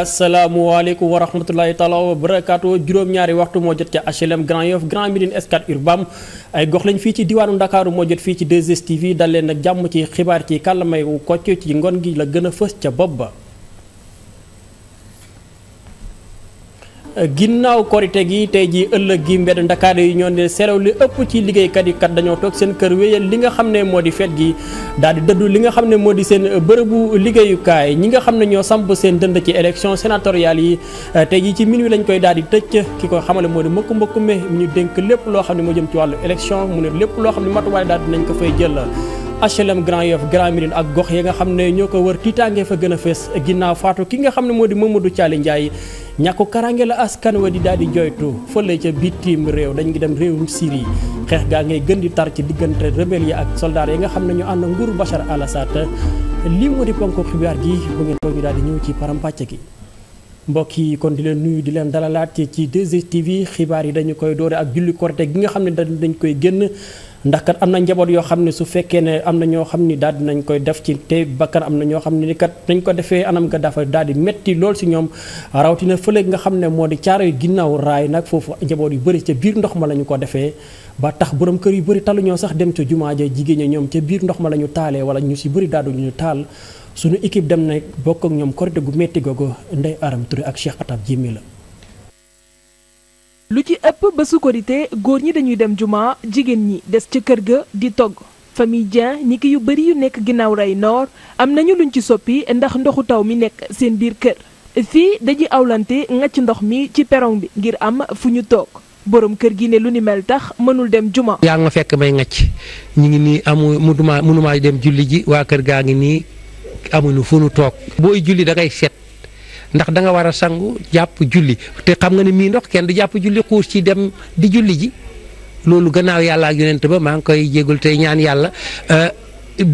asalaamaaleykum wa rahmatulahi taala wa barakaatu juróom-ñaari waxtu moo jot ca HLM Grand Yoff Grand Médine Scat Urbam ay gox lañ fii ci diwaanu Ndakaaru moo jot fii ci 2STV dal leen nag jàmm ci xibaar ci kàllamay kocc ci ngoon gi la gën a fës ca bopp ba ginnaaw korite gi tey jii ëllëg gi mbedd ndakaar yi ñoo ne serew li ëpp ci liggéeykat yi kat dañoo toog seen kër wéyal li nga xam ne moo di fet gi daal di dëddu li nga xam ne moo di seen bërëbu liggéeyukaay ñi nga xam ne ñoo samp seen dënd ci élection sénatoriale yi eh, tey jii ci wi lañ koy daal di tëj ki koy xamale moo di mbëkk mbëkk me ñu dénk lépp loo xam ne moo jëm ci wàllu élection mu ne lépp loo xam ne matuwaay daal dinañ ko fay jël HLM Grand Yoff Grand Médine ak gox yi nga xam ne ñoo ko wër tiitaange fa gën a fees ginnaaw faatu ki nga xam ne moo di Mamadou Thialy Ndiaye ñàkku karange la askan wa di daal di joytu fële ca bitim réew dañu ngi dem réewum Syrie xeex gaa ngay gën di tar ci diggante rebelle yi ak soldaar yi nga xam ne ñu ànd nguur Bachar al-Assad lii moo di ponk xibaar gi bu ngeen toog ñu daal di ñëw ci parampàcce gi mbokk yi kon di leen nuyu di leen dalalaat ci 2STV xibaar yi dañu koy doore ak julli korite gi nga xam ne dañ koy génn ndax kat am na njaboot yoo xam ne su fekkee ne am na ñoo xam ni daal di nañ koy def ci te bakkan am na ñoo xam ne ni kat dañ ko defee anam ka dafa daal di métti lool si ñoom rawatina fële nga xam ne moo di caaro yu ginnaaw raay nag foofu njaboot yu bëri ca biir ndox ma la ñu ko defee ba tax borom kër yu bëri talu ñoo sax dem ca jumaa ja jigéen ña ñoom ca biir ndox ma la ñu taalee wala ñu si bëri daal ñu taal suñu équipe dem na bokk ak ñoom korite gu métti googu Ndeye Arame Touré ak Cheikh Atab la lu ci ëpp ba su góor ñi dañuy dem juma jigéen ñi des ca kër ga di togg famille Dieng ñi ki yu bëri yu nekk ginnaaw ray noor am nañu luñ ci soppi ndax ndoxu taw mi nekk seen biir kër fii dañuy awlante ngacc ndox mi ci perong bi ngir am fu ñu toog borom kër gi ne lu ni mel tax mënul dem juma. yaa nga fekk may ngacc ñu ngi nii amu mënumaa mënumaa dem julli ji waa kër gaa ngi nii amuñu fu nu toog booy julli da ngay set ndax danga war a sangu jàpp julli te xam nga ne mii ndox kenn du jàpp julli xuus ci dem di julli ji loolu gannaaw yàlla ak yonent ba maa ngi koy jégul tey ñaan yàlla euh,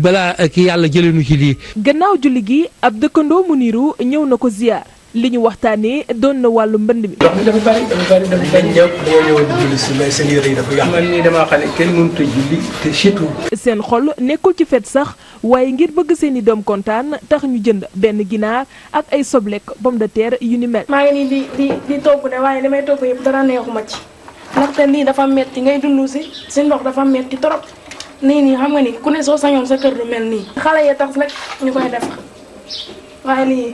balaa euh, ki yàlla jëlee ci lii. gannaaw julli gi ab dëkkandoo mu niiru ñëw na ko ziyaar. li ñu waxtaanee doon na wàllu mbënn mi. ndox mi dafa bari dafa bari dafa bari ñëpp boo ñëwoon seen kenn mënut a julli te surtout. seen xol nekkul ci fet sax waaye ngir bëgg seen i doom kontaan tax ñu jënd benn ginaar ak ay soblek pomme de terre yu ni mel. maa ngi nii di di di togg ne waaye damay may togg yëpp dara neexuma ci ndaxte nii dafa metti ngay dund si si ndox dafa metti trop nii nii xam nga ni ku ne soo sañoon sa kër lu mel nii. xale yee tax nag ñu koy def waaye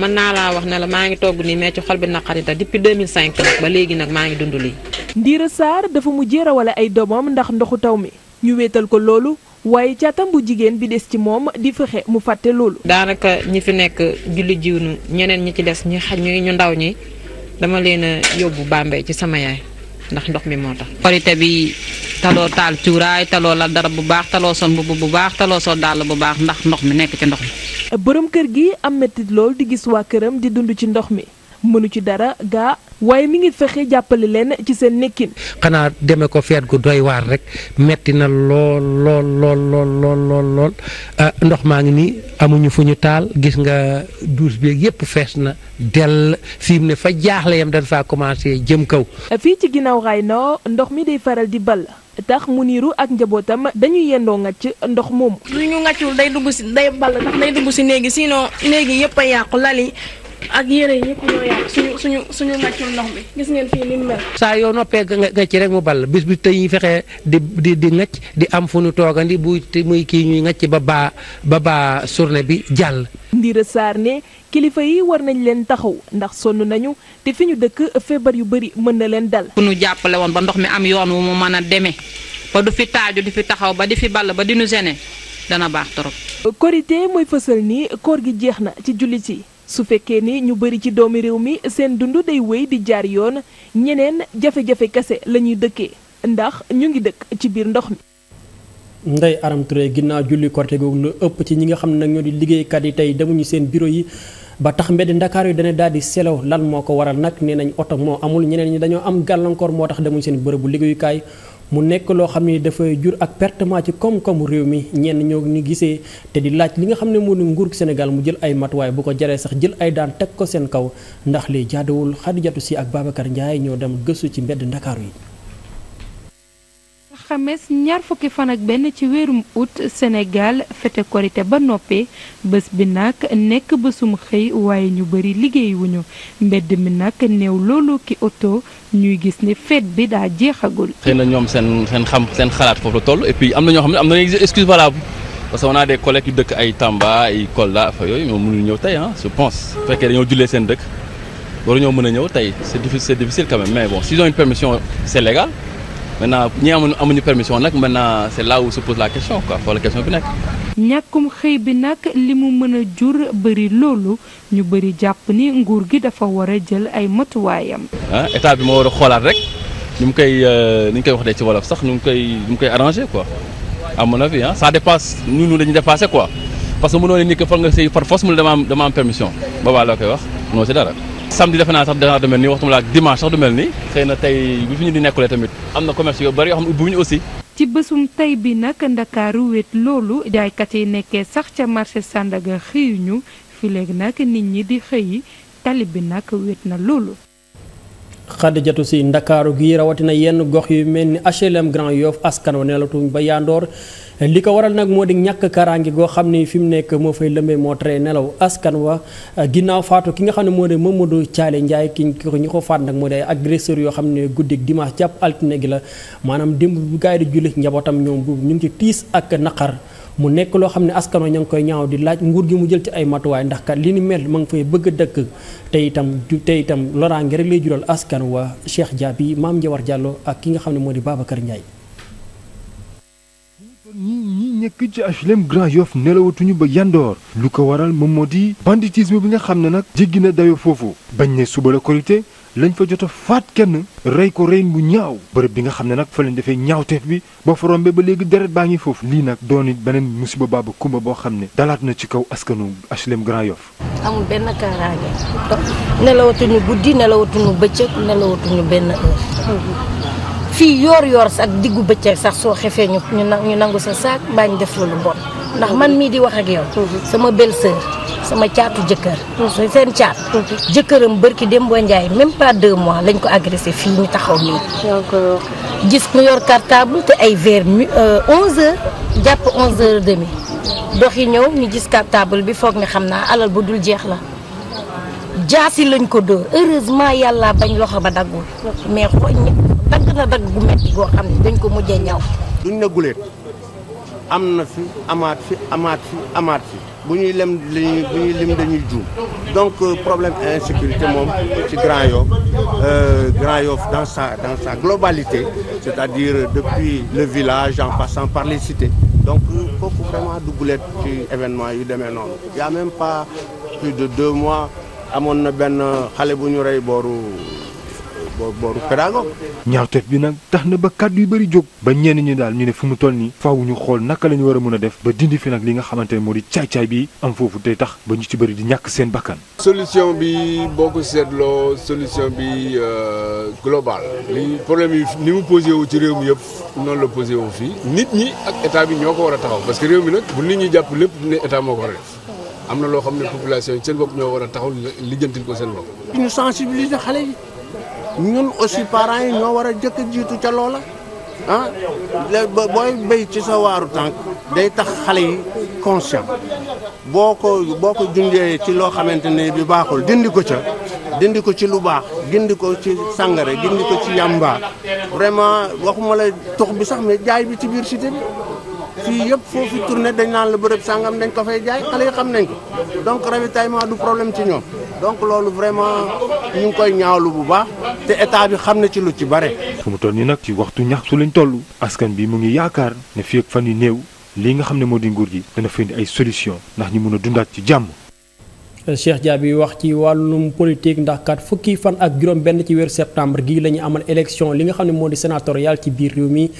mën naa laa wax ne la maa ngi togg nii mais ci xol bi naqari da depuis 2005 nag ba léegi nag maa ngi dund lii. Ndiira Sarr dafa mujjee rawale ay doomam ndax ndoxu taw mi ñu wéetal ko loolu waaye càttam bu jigéen bi des ci moom di fexe mu fàtte loolu. daanaka ñi fi nekk julli jiwnu ñeneen ñi ci des ñi xaj ñu ndaw ñi dama leen a yóbbu Bambey ci sama yaay ndax ndox mi moo tax. korite bi taloo taal cuuraay taloo la dara bu baax taloo sol mbubb bu baax taloo sol dàll bu baax ndax ndox mi nekk ci ndox mi. borom kër gi am métit lool di gis waa këram di dund ci ndox mi mënu ci dara gaa waaye mu ngi fexe jàppale leen ci seen nekkin. xanaa deme ko feet gu doy waar rek metti na lool lool lool lool lool lool ah, ndox maa ngi nii amuñu fu ñu taal gis nga douche bi yépp fees na dell fi mu ne fa jaaxle yam dañ faa commencé jëm kaw. fii ci ginnaaw raay noo ndox mi day faral di ball. tax mu niiru ak njabootam dañuy yendoo ngàcc ndox moom lu ñu ngàccul day dugg si day ball ndax day dugg si néegi sinon néegi yëpp a yàqu lali ak yére yëpp ñoo yàqu suñu suñu suñu ndox bi gis ngeen fii ni mu mel. saa yoo noppee ngàcc rek mu ball bis bi tey fexe di di di ngàcc di am fu nu toogandi bu muy kii ñuy ngàcc ba baa ba baa bi jàll. Ndira kilifa yi war nañ leen taxaw ndax sonn nañu te fi ñu dëkk feebar yu bëri mën na leen dal. ku ñu jàppale woon ba ndox mi am yoon wu mu mën a demee ba du fi taaju di fi taxaw ba di fi ball ba di nu dana baax trop. korité mooy fësal ni koor gi jeex na ci jullit yi su fekkee ni ñu bëri ci doomi réew mi seen dund day wéy di jaar yoon ñeneen jafe-jafe kese la ñuy dëkkee ndax ñu ngi dëkk ci biir ndox mi. Ndeye Aram Touré ginnaaw julli korité googu ëpp ci ñi nga xam ne nag ñoo di liggéeykat yi tey demuñu seen bureau yi. ba tax mbedd ndakaar yu dana daal di selaw lan moo ko waral nag nee nañ oto moo amul ñeneen ñi dañoo am gàllankoor moo tax demuñ seen bërëbu liggéeyukaay mu nekk loo xam ne dafay jur ak pertement ci koom-koomu réew mi ñenn ñoo ni gisee te di laaj li nga xam ne moo nguur Sénégal mu jël ay matuwaay bu ko jaree sax jël ay daan teg ko seen kaw ndax li jaaduwul Xadijatu Si ak Babacar Ndiaye ñoo dem gësu ci mbedd ndakaaru yi alxames ñaar fukki fan ak benn ci weerum août Sénégal fete korité ba noppi bés bi nag nekk bésum xëy waaye ñu bari liggéeyuñu mbedd mi nag néew loolu ki oto ñuy gis ni fête bi daa jeexagul. xëy na ñoom seen xam seen xalaat foofu la toll et puis am na ñoo xam ne am na excuse valable parce que on a des collègues yu dëkk ay Tamba ay Kolda fa yooyu ñoo mënul ñëw tey ah je pense. bu fekkee dañoo jullee seen dëkk ñoo mën a ñëw tey c'est difficile c'est mais bon s'ils ont une maintenant ñi amuñu amuñu permission nag maintenant c'est là où se pose la question quoi foofu la question bi nekk. ñàkkum xëy bi nag li mu mën a jur bëri loolu ñu bëri jàpp ni nguur gi dafa war a jël ay matuwaayam. ah état bi ma war a xoolaat rek euh, ñu mu koy ni ñu koy wax dee ci wolof sax ñu mu koy ñu mu koy arrangé quoi à mon avis ah ça dépasse ñun dañuy dépassé quoi parce que mënoo ne ni que far nga sëy par force mu ne dama am permission boobaa loo koy wax mënoo si dara. samedi defe naa sax danaa du mel nii waxtuma laa dimanche sax du mel nii xëy na tey bu fi ñu di nekkulee tamit am na commerce yoo bëri yoo xam ne ubbiwuñu aussi ci bésum tey bi nag ndakaaru wét loolu jaaykat yi nekkee sax ca marché Sandaga xëyuñu fi léegi nag nit ñi di xëyi tali bi nag wét na loolu xadijatu si ndakaaru gi rawatina yenn gox yu mel ni HLM Grand Yoff askan wa nelatuñ ba yandoor li ko waral nag moo di ñàkk kaaraange goo xam ne fi mu nekk moo fay lëmbee moo tere nelaw askan wa ginnaaw faatu ki nga xam ne moo de di Mamadou Thialé Ndiaye ki ñu ko faat nag moo di ay agresseur yoo xam ne guddik dimanche jàpp altine gi la maanaam démb bu gaay di julli njabootam ñoom bu ñu ngi ci tiis ak naqar mu nekk loo xam ne askan wi ña ngi koy ñaaw di laaj nguur gi mu jël ci ay matuwaay ndax kat li ni mel ma ngi fay bëgg a dëkk te itam te itam loraange rek lay jural askan wa Cheikh yi Maam Njawar Diallo ak ki nga xam ne moo di Babacar Ndiaye. ñi nekk ci HLM Grand Yoff nelawatuñu ba yandoor lu ko waral moom moo di banditisme bi nga xam ne nag jéggi na dayo foofu bañ ne suba la korité lañ fa jot a faat kenn rey ko reyin bu ñaaw bërëb bi nga xam ne nag fa lañ defee ñaawteef bi boo fa rombee ba léegi deret baa ngi foofu lii nag doon it beneen musiba baaba kumba boo xam ne dalaat na ci kaw askanu HLM Grand Yoff amul benn kaaraange nelawatuñu guddi nelawatuñu bëccëg nelawatuñu benn heure fii yoor yoor sax diggu bëccëg sax soo xefee ñu ñu nangu sa saak mbaa ñu def la lu bon ndax man mii di wax ak yow. sama belle sama caatu jëkkër. seen caat. jëkkëram dem boo Ndiaye même pas deux mois lañ ko agressé fii ñu taxaw nii. gis mu yor cartable te ay vers mu 11h euh, jàpp 11h30 dox yi ñëw ñu gis cartable bi foog ni xam naa alal bu dul jeex la. jaasi lañ ko dóor heureusement yàlla bañ loxo ba daggul mais xooñ dagg na dagg bu goo xam ne dañ ko mujjee ñaw. du na guleet am na fi amaat fi amaat fi amaat fi bu ñuy lem dañuy bu juum donc euh, problème insécurité moom ci Grand Yoff euh, Grand Yoff dans sa dans sa globalité c'est-à-dire depuis le village en passant par les cités donc kooku euh, vraiment dugguleet ci événement yu demee noonu y même pas plus de deux mois amoon na benn xale bu ñu rey booru booru pédago ñaawteef bi nag tax na ba kàddu yu bëri jóg ba ñenn ñi daal ñu ne fu mu toll nii faaw ñu xool naka la ñu war a mën a def ba dindi fi nag li nga xamante ne moo di caay-caay bi am foofu tey tax ba ñu ci bëri di ñàkk seen bakkan solution bi boo ko seetloo solution bi euh, global li problème yi ni mu posé wu ci réew mi yëpp noonu la posé wu fii nit ñi ak état bi ñoo ko war a taxaw parce que réew mi nag bu nit ñi jàpp lépp ne état moo ko war a am na loo xam ne population yi seen bopp ñoo war a taxaw lijjantil ko seen bopp ñun aussi parent yi ñoo war a jëkk jiitu ca loola ah booy béy ci sa waaru tànk day tax xale yi conscient boo ko boo ko jundee ci loo xamante ne bi baaxul dindi ko ca dindi ko ci lu baax gindi ko ci sàngara gindi ko ci yàmba vraiment waxuma la tux bi sax mais jaay bi ci biir si bi fii yëpp foofu tourné dañ naan la bërëb sàngam dañ ko fay jaay xale yi xam nañ ko donc ravitaillement du problème ci ñoom donc loolu vraiment ñu ngi koy ñaawlu bu baax te état bi xam na ci lu ci bare. fu mu toll nii nag ci waxtu ñaxtu lañ toll askan bi mu ngi yaakaar ne fii ak fan yu néew lii nga xam ne moo di nguur gi dana findi ay solution ndax ñi mën a dundaat ci jàmm. Cheikh Dia bi wax ci wàllum politique ndax kat fukki fan ak juróom benn ci weeru septembre gi la ñu amal élection li nga xam ne moo di sénatorial ci biir réew mi.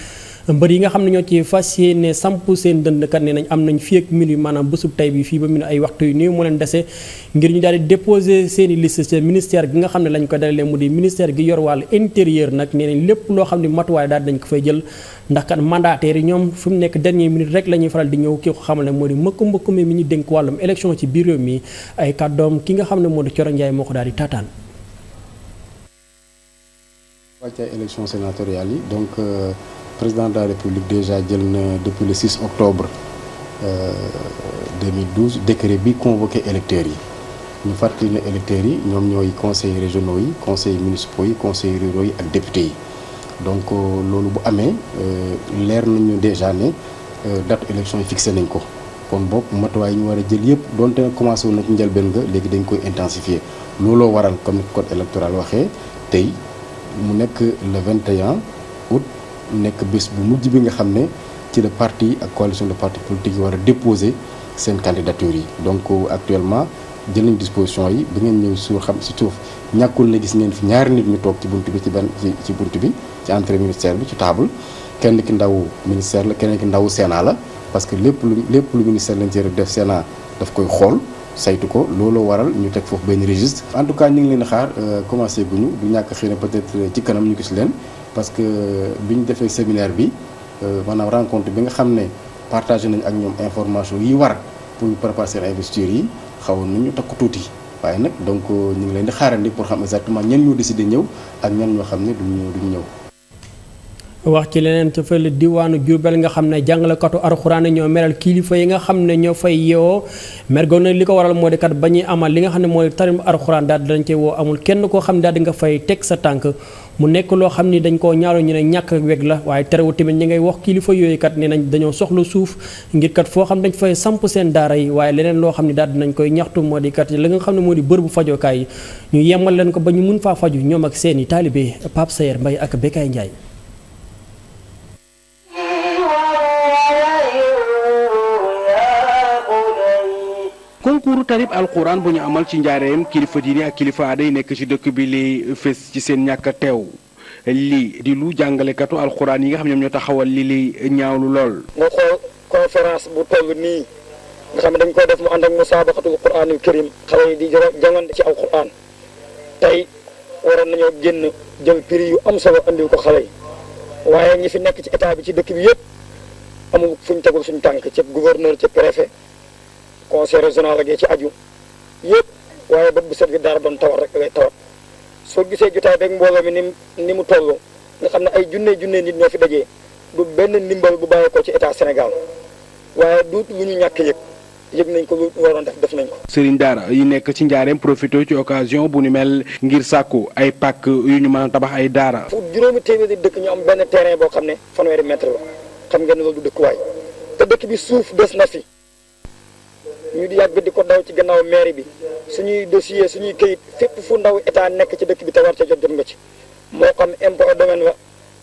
mbër yi nga xam ne ñoo ci fas yéene samp seen dëndkat ne nañ am nañ fi ak mil yu maanaam bésub tay bii fii ba mu ne ay waxtu yu néew moo leen dese ngir ñu daal di déposé seen i liste ci ministère gi nga xam ne lañ ko dalalee mu di ministère gi yor wàllu intérieur nag nee nañ lépp loo xam ne matuwaay daal dinañ ko fay jël ndax kan mandataires yi ñoom fu mu nekk dernier minute rek la ñuy faral di ñëw kii ko xamal ne moo di mbëkk mbëkk mi ñu dénk wàllum élection ci biir mi ay kàddoom ki nga xam ne moo di Coro Njaay moo ko daal di taataan wàccaay élection sénatoriale donc euh, président de la république déjà jël na depuis le 6 octobre 2012 euh, décret bi convoqué électeurs yi ñu fàttali na électeurs yi ñoom ñooy conseil régionaux yi conseillers municipaux yi conseillers ruraux yi ak députés yi donc euh, loolu bu amee euh, leer nañu déjà ne date élection yi fixé nañ ko kon boog matuwaay yi ñu war a jël yëpp donte commencé woon na ci njëlbeen nga léegi dañ koy intensifier looloo waral comme ni code électoral waxee tey mu nekk le 21 août nekk bis bu mujj bi nga xam ne ci la parti ak coalition de parti politique yi war a déposé seen candidature yi donc euh, actuellement jël nañ disposition yi ba ngeen ñëw suur xam si suuf ñàkkul na gis ngeen fi ñaari nit ñu toog ci bunt bi ci benn ci bunt bi ci entrée ministère bi ci table kenn ki ndawu ministère la keneen ki ndawu Sénat la parce que lépp lu lépp lu ministère de l'Intérieur def seenaa daf koy xool saytu ko looloo waral ñu teg foofu benn registre en tout cas ñu ngi leen xaar euh, commencé guñu du ñàkk xëy na peut-être ci kanam ñu gis leen parce que bi ñu defee séminaire bi euh, maanaam rencontre bi nga xam ne partage nañ ak ñoom information yi war pour ñu préparer seen investiture yi xawoon nañu takku tuuti waaye nag donc euh, ñu ngi leen di xaarandi pour xam exactement ñan ñoo décidé ñëw ak ñan ñoo xam ne duñu duñu ñëw. wax ci leneen ca fële diwaanu Diourbel nga xam ne jàngalekatu alxuraan ñoo meral kilifa yi nga xam ne ñoo fay yeewoo mer goon li ko waral moo kat ba ñuy amal li nga xam ne mooy tarim alxuraan daal dañ cee woo amul kenn koo xam ne daal di nga fay teg sa tànk mu nekk loo xam ni dañ koo ñaaroo ñu ne ñàkk weg la waaye terewul tamit ñi ngay wax kilifa yooyu kat ne nañ dañoo soxla suuf ngir kat foo xam dañ fay samp seen daara yi waaye leneen xam ne daal dinañ koy ñaxtu moo di kat la xam ne moo di bërëbu fajookaay yi ñu yemal leen ko ba ñu mun faa faju ñoom ak seeni taalibee taalibe Pape Sayer Mbaye ak Bekay Ndiaye concours tarib alquran bu ñu amal ci njaareem kilifa diine ak kilifa aada yi nekk ci dëkk bi li fés ci seen ñàkk a teew lii di lu jàngalekatu alquran yi nga xam ñoom ñoo taxawal li li ñaawlu lool. nga xool conférence bu toll nii nga xam dañ koy def mu ànd ak musaabaxatul quraanul karim xale yi di jongante ci alquran tey waroon nañoo génn jël prix yu am solo andil ko xale yi waaye ñi fi nekk ci état bi ci dëkk bi yëpp amul fuñ tegul suñ tànk ci gouverneur conseil régional ak ci aju yëpp waaye bët bu set gi daara doon tawat rek ngay soo gisee jotaay beeg mbooloo mi ni ni mu toll nga xam ne ay junne junne nit ñoo fi dajee du benn ndimbal bu bàyyi ko ci état Sénégal waaye duut lu ñu ñàkk yëg yëg nañ ko lu waroon def def nañ ko. sëriñ daara yi nekk ci njaareem profité ci occasion bu ni mel ngir sàkku ay pàkk yu ñu mën a tabax ay daara. fu juróomi téeméeri dëkk ñu am benn terrain boo xam ne fanweeri mètre la xam ngeen loolu du dëkkuwaay te dëkk bi suuf des na fi. ñu di yàgg di ko daw ci gannaaw maire bi suñuy dossier suñuy këyit fépp fu ndaw état nekk ci dëkk bi te war ca jot jot nga ci moo xam impôt domaine wa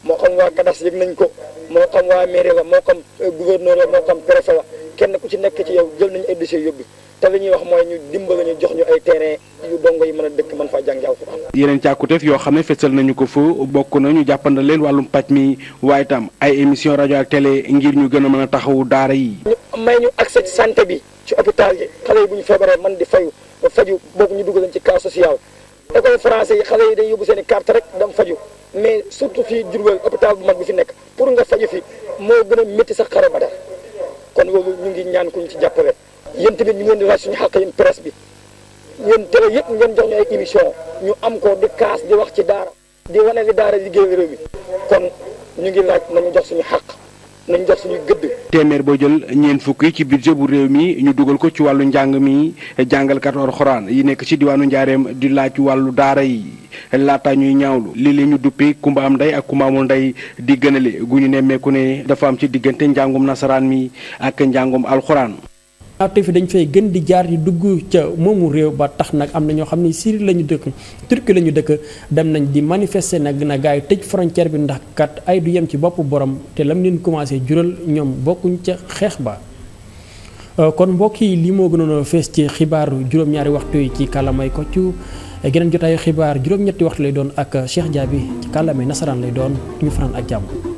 moo xam waa cadastre yëg nañ ko moo xam waa mairie wa moo xam euh, gouverneur wa moo xam préfet wa kenn ku ci nekk ci yow jël nañu ay dossiers yóbbu te li ñuy wax mooy ñu dimbali ñu jox ñu ay terrain yu dongo yi mën a dëkk mën faa jàngi alxuraan yeneen càkkuteef yoo xam ne fesal nañu ko fa bokk na ñu jàppandal leen wàllum paj mi waaye tam ay émission rajo ak ngir ñu gën a mën a taxawu daara yi ñu may ñu bi ci hôpital yi xale yi ñu feebaree mën di fayu faju boobu ñu dugal leen ci cas social école français yi xale yi dañ yóbbu seen i carte rek dem faju mais surtout fii Jurbel hôpital bu mag bi fi nekk pour nga faju fi moo gën a métti sax xare ba kon loolu ñu ngi ñaan kuñ ci jàppale yéen tamit ñu ngeen di laaj suñu xàq yéen presse bi ngeen télé yëpp ngeen jox ñu ay ñu am ko di kaas di wax ci daara di wane li daara liggéey réew mi kon ñu ngi laaj nañu jox suñu xàq nañu jox suñu gëdd. téeméer boo jël ñeen fukk yi ci budget bu réew mi ñu dugal ko ci wàllu njàng mi jàngalkatu alxuraan yi nekk ci diwaanu njaareem di laaj wàllu daara yi laata ñuy ñaawlu lii li ñu duppee kumba am ndey ak kumba amul ndey di gënale gu ñu nemmeeku ne dafa am ci diggante njàngum nasaraan mi ak njàngum alxuraan. ñaawteef dañ fay gën di jaar di dugg ca moomu réew ba tax nag am na ñoo xam ne Syrie lañu ñu dëkk Turquie la dëkk dem nañ di manifester nag na gars yi tëj frontière bi ndax kat ay du yem ci bopp borom te lam leen commencé jural ñoom bokkuñ ca xeex ba. Euh, kon mbokk yi li moo gënoon a fees ci xibaaru juróom-ñaari waxtu yi ci kàllamay kocc geneen jotaayu xibaar juróom-ñetti waxtu lay doon ak Cheikh bi ci kàllamay nasaraan lay doon ñu fanaan ak jàmm.